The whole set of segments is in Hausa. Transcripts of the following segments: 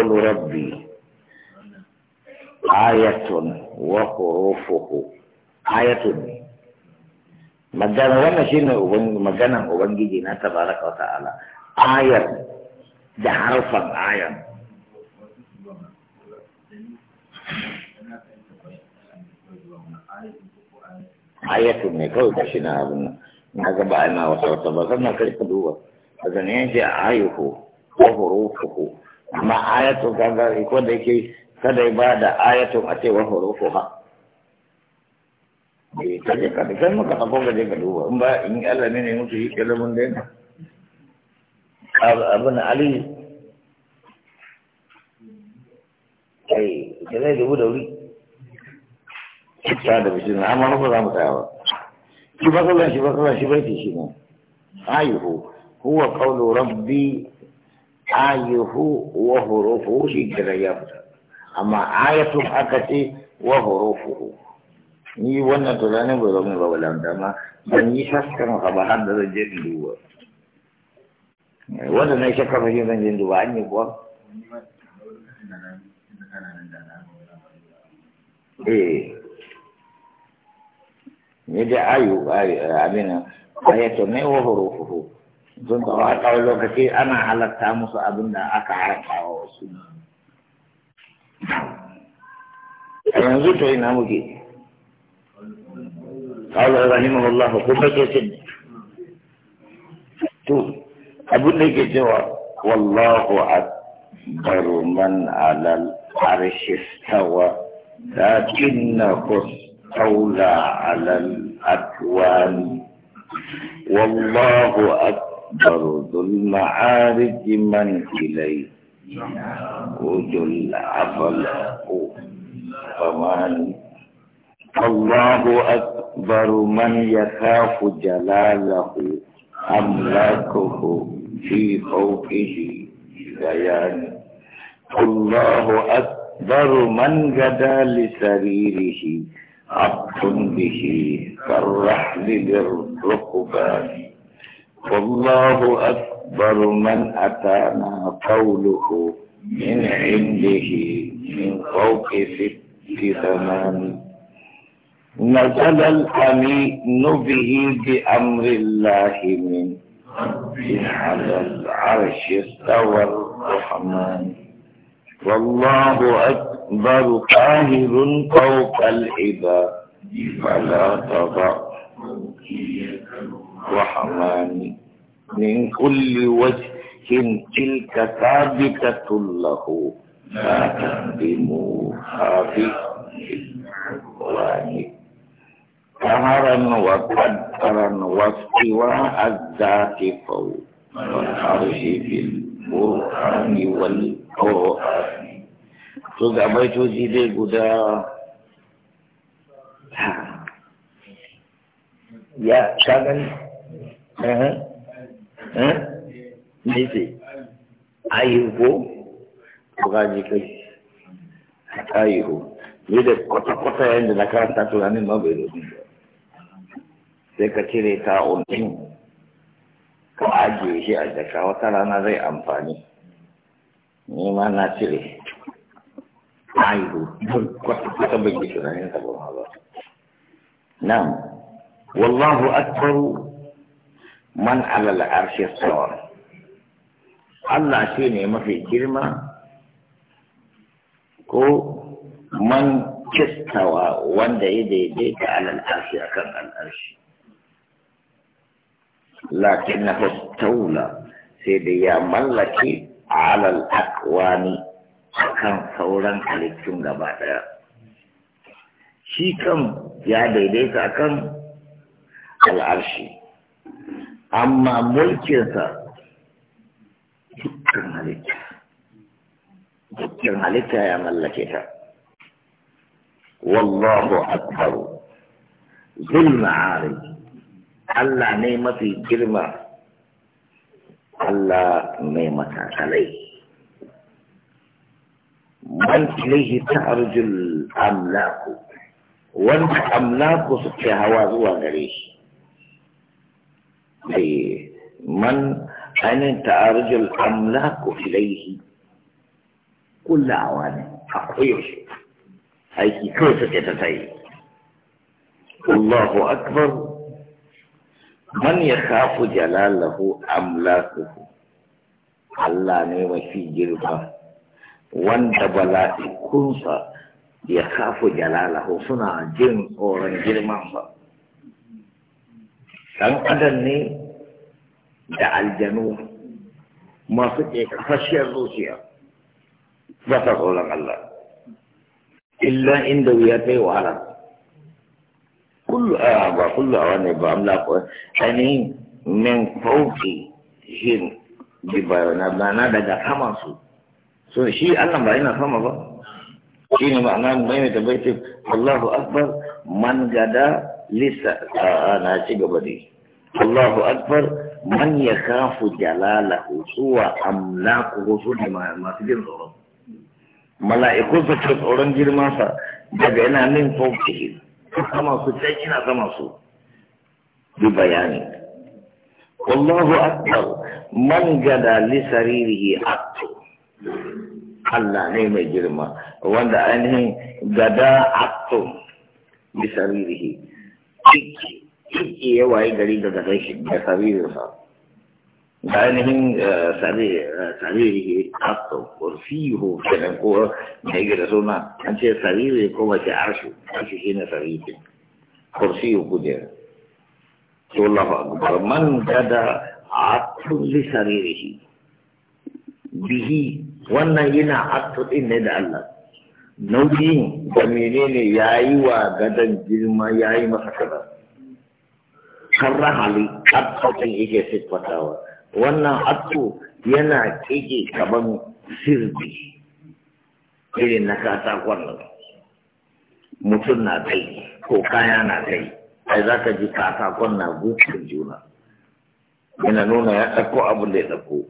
قل ربي آية وحروفه آية magana wannan shi ne maganan ubangiji na tabaraka wa ta'ala ayar da harfan ayar ayatun ne kawai da shi na abin na gaba a yana wata wata ba zan na kai ka duba a zanen yanzu a ayuhu ko hurufuhu amma ayatun kaga ko da yake kada ya bada ayatun a cewa hurufu ha bai eh, kaje ka da kai maka abun da ka duba in ba in Allah ne ne mutu yi kalamun da yana abun ali ai eh, da zai dubu da wuri ta da bishin na amma ba za mu tsaya ba shi ba kallon shi ba kallon shi bai shi ne ayyuhu huwa qawlu rabbi ayuhu wa hurufuhu shi kira ya fita amma ayatun aka ce wa hurufuhu ni wannan tunanin bai zama ba walam dama ban yi shakkan ka ba har da zan je in duba wanda na shakka ba shi zan je duba an yi kuwa eh ne da ayu Amina ayatun ne wa hurufuhu tun da waƙar lokaci ana halatta musu abin da aka wa wasu yanzu to ina muke قال رحمه الله كما كتب تو أبو والله أكبر من على العرش استوى استولى على الأكوان والله أكبر برد المعارك من إليه وجه العفلاق فمالي الله أكبر من يخاف جلاله أملاكه في خوفه بيان الله أكبر من غدا لسريره عبد به كالرحل للركبان والله أكبر من أتانا قوله من عنده من فوق ست ثمان نزل الأمين به بأمر الله من على العرش استوى الرحمن والله أكبر قاهر فوق العباد فلا تضع الرحمن من كل وجه تلك ثابتة له لا تهدموها بالعدوان قهرا وقدرا واستواء الذات فوق والعرش في القرآن والقرآن تدعبيت دي قدا يا شغل me ce da kwata-kwata na karanta tunanin ma bai ba sai ka cire ta ka ajiye shi a jaka wata rana zai amfani na cire kwata-kwata bai tunanin ba wallahu akbaru man alal arshi tsawon Allah shi ne mafi girma ko man kistawa wanda ya daidaita alal arshi akan kan al'arshi lakin na taula sai da ya mallake alal akwani kan sauran halittun gaba daya shi kan ya daidaita kan al'arshi amma mulkinsa dukkan halitta dukkan halitta ya mallake ta wallahu akbar zul ma'ari Allah ne mafi girma Allah mai matakalai man ilaihi ta'arjul amlaku wanda amlaku suke hawa zuwa gare shi لمن أن تعرج الأملاك إليه كل أوان أقويش أي كوسة تتعي الله أكبر من يخاف جلاله أملاكه الله نعم في جلبه wanda bala'ikunsa ya kafu jalalahu suna jin tsoron girman ba Kan adam ne da aljanu masu ke kafashiyar rusiya. ba ta tsoron Allah illa inda wuya ta yi wahala kullu a ba kullu a wani ba amla ko ainihin min fauki shin bi bayana bana daga saman su so shi Allah ba yana sama ba shi ne ma'ana mai mai tabbacin Allahu Akbar man gada lissa a na ci gaba dai Allahu akbar man ya kafu jalalahu suwa amlaku su ne masu jin tsoron mala'ikun su ce tsoron girmansa daga yana min fauki sama su can ina sama su bi bayani Allahu akbar man gada li saririhi aktu Allah ne mai girma wanda ainihin gada aktu li saririhi ciki ya waye gari daga rashin da saririnsa da ainihin eh, sariri eh, kasto ko ho kenan ko da yake da suna an ce sariri ko mace arshu arshu shi ne sariri kursiyu kujera to lafa. akbar man kada tulli li saririhi bihi wannan yana atu din ne da Allah nauyin da menene yayi wa gadon girma yayi masa kaza hali abin yake siffatawa wannan abdu yana kike kaman sirbi irin na kasa nan mutum na kai ko kaya na kai ai za ka ji katakon na gutsun juna yana nuna ya ɗauko abin da ya ɗauko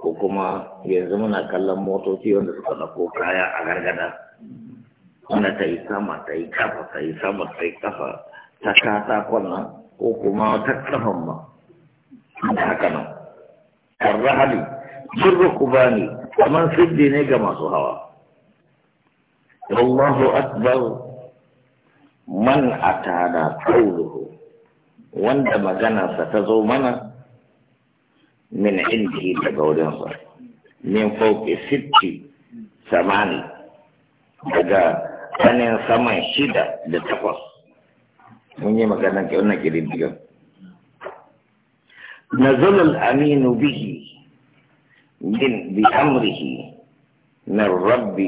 ko kuma yanzu muna kallon motoci wanda suka ɗauko kaya a gargada wanda ta yi sama ta yi kafa ta yi sama ta yi kafa ta kasa ko kuma ta kafan ma haka nan karrahali jirru kubani kaman siddi ne ga masu hawa Allahu akbar man atana qawluhu wanda maganarsa ta zo mana min indihi daga wurinsa min fauke sitti samani daga tsanin saman shida da takwas مني ما كان كنا كريم بيو نزل الأمين به من بأمره من رب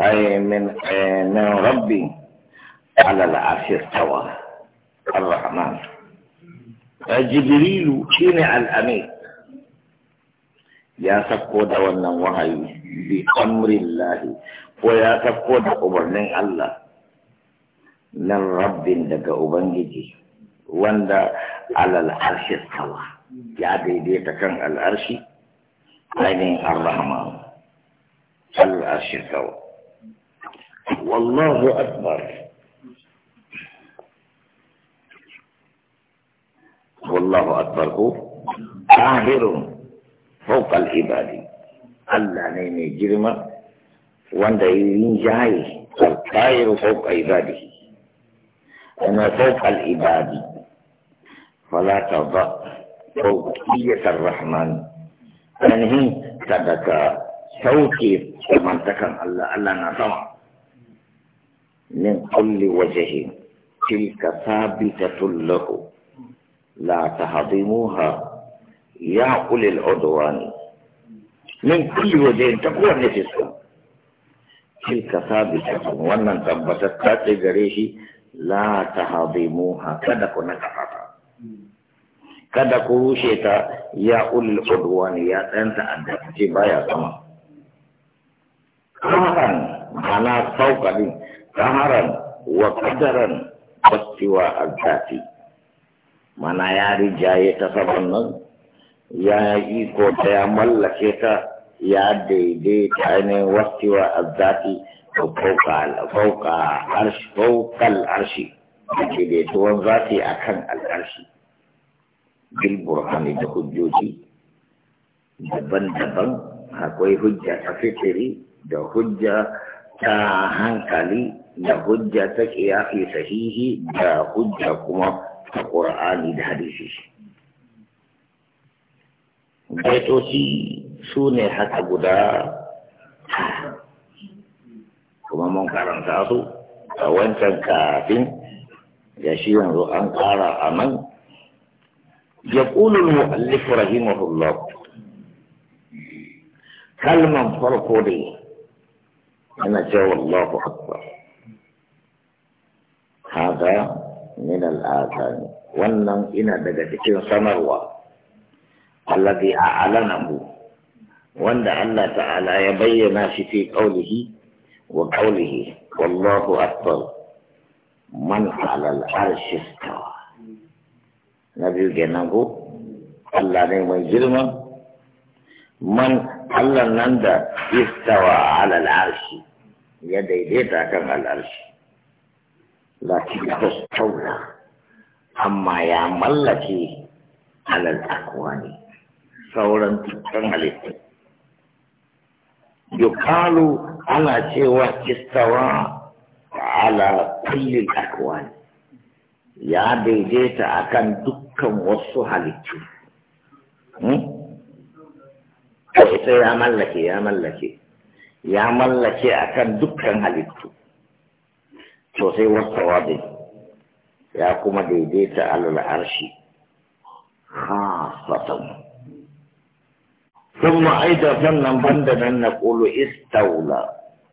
أي من من رب على العرش استوى الرحمن جبريل شنع الأمين يا سكود ونوهي بأمر الله ويا سكود أبرنين الله nan rabbin daga ubangiji wanda alal arshi tsawa ya daidaita kan al arshi ainihin ar al arshi tsawa wallahu akbar wallahu akbar ko tahirun fokal ibadi Allah ne mai girma wanda yi rinjaye al-tahiru fawqa ibadihi وما فوق العباد فلا تضع فوقية الرحمن يعني صدق فوقي ومن تكن الله ألا نسمع من كل وجه تلك ثابتة له لا تهضموها يا أولي العدوان من كل وجه تقوى نفسكم تلك ثابتة ومن تبتت تاتي la tahdimuha kada ku naka ta kada ku rushe ta ya ul udwan ya dan ta'adda ce baya sama kamaran mana sauka din wa kadaran wastiwa al mana ya rijaye ta saban nan ya yi ko ta ya mallake ta ya daidaita ainihin wastiwa al فوق arshi. عرش فوق العرش daidaituwan zafi a kan al'arshi bilburhani da hujjoji daban-daban akwai hujja ta fitiri da hujja ta hankali da hujja ta kiyafi sahihi da hujja kuma ta ƙur'ani da hadisi baitoci su ne haka guda kuma mun karanta su a wancan kafin ya shi yanzu an kara a nan ya ƙulul mu'allif rahimahullah kalman farko dai ana cewa Allahu akbar hada min al'adani wannan ina daga cikin sanarwa alladhi a'lanahu wanda Allah ta'ala ya bayyana shi fi qaulihi وقوله والله أكبر من على العرش استوى نبي جنبه الله نعم الجرمة من الله نندى استوى على العرش يدي ديتا كان على العرش لكنه استولى أما يا ملكي على الأكوان فورا تتنغلت yukalu ana cewa istawa ala kulli akwan ya daidaita akan dukkan wasu halittu ita ya mallake ya mallake ya mallake akan dukkan halittu to sai wasawa dai ya kuma daidaita alal arshi khasatan ثم أيضا فلن بندنا نقول استولى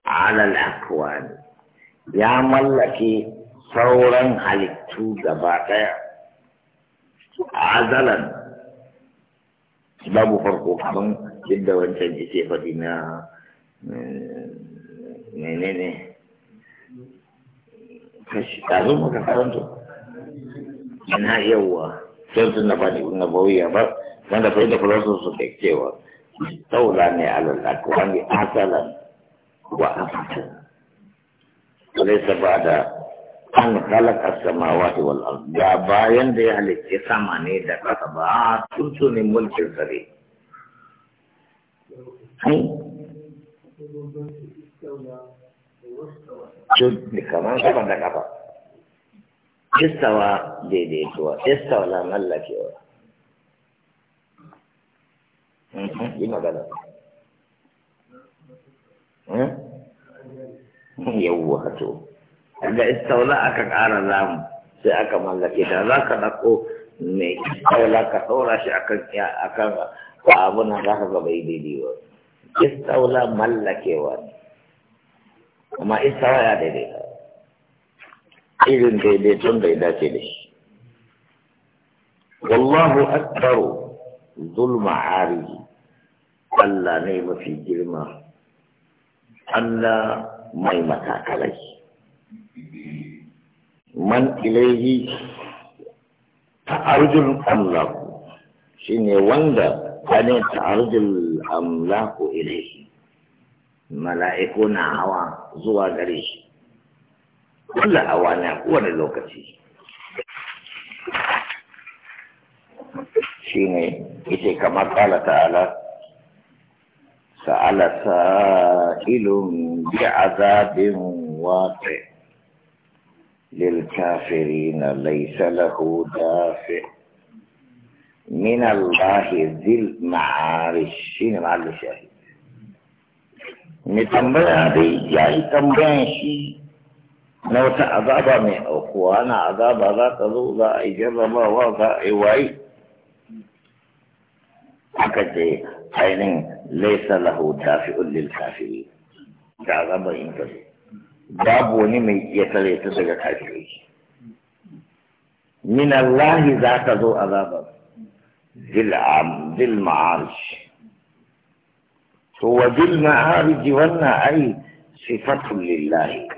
على الأكوان يا ملكي صورا على التوجة عزلا babu farko kaman yadda wancan ke faɗi na menene kazu muka karanto na yawa sun sun na faɗi na bauya ba wanda fai da filosofi su cewa الدولة wani asalan أصلا وأبدا وليس بعد an halaka samawati wal ard da bayan da ya halicci sama ne da kasa ba a ne mulkin sa ne kamar saman da kafa istawa daidaituwa istawa na mallakewa Mhm, yi magana eh? yawwa to da istaula aka ƙara zamu sai aka mallake da za ka ɗako mai istaula ka ɗora shi akan akan abun na za ka ga bai daidai ba istaula mallakewa ne amma istaula ya daidai irin daidaiton bai dace da shi wallahu akbaru zulma arihi Allah ne mafi girma Allah mai matakalai man ilaihi ta'arjul amlaku shine wanda ne ta'arjul amlaku ilaihi mala'iku na hawa zuwa gare shi kullum hawa na kowane lokaci shine yace kamar kala ta'ala sa'ala sa'ilun bi'azabin waqi' للكافرين ليس له دافع من الله ذي المعارش شنو معالي الشاهد mai tambaya dai ya yi tambayan shi na wata azaba mai aukuwa na azaba za ta zo za a yi jarrabawa za a yi waye aka ce ainihin laisa lahu dafi'un lil kafiri da yin inkari babu wani mai iya tare ta daga kafiri min Allah za ka zo a zil ma'arij to wa zil ma'arij wannan ai sifatu lillahi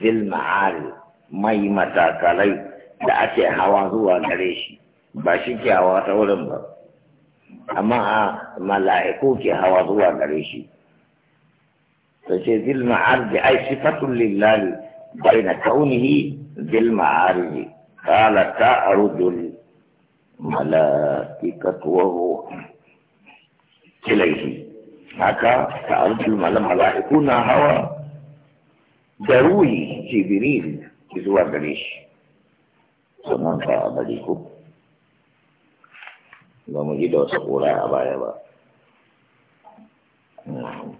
zil ma'arij mai matakalai da ake hawa zuwa gare shi ba shi ke ta wurin ba اما ملائکو کی هوا دعا کریشی فشی ذل معارض ای صفت للال بین کونه ذل معارض قال تعرض الملائکت وهو چلیشی حقا تعرض الملائکو نا هوا دروي جبريل کی دعا کریشی سنان فا بلیکو ba mu ji da wasu ƙura a baya ba hmm.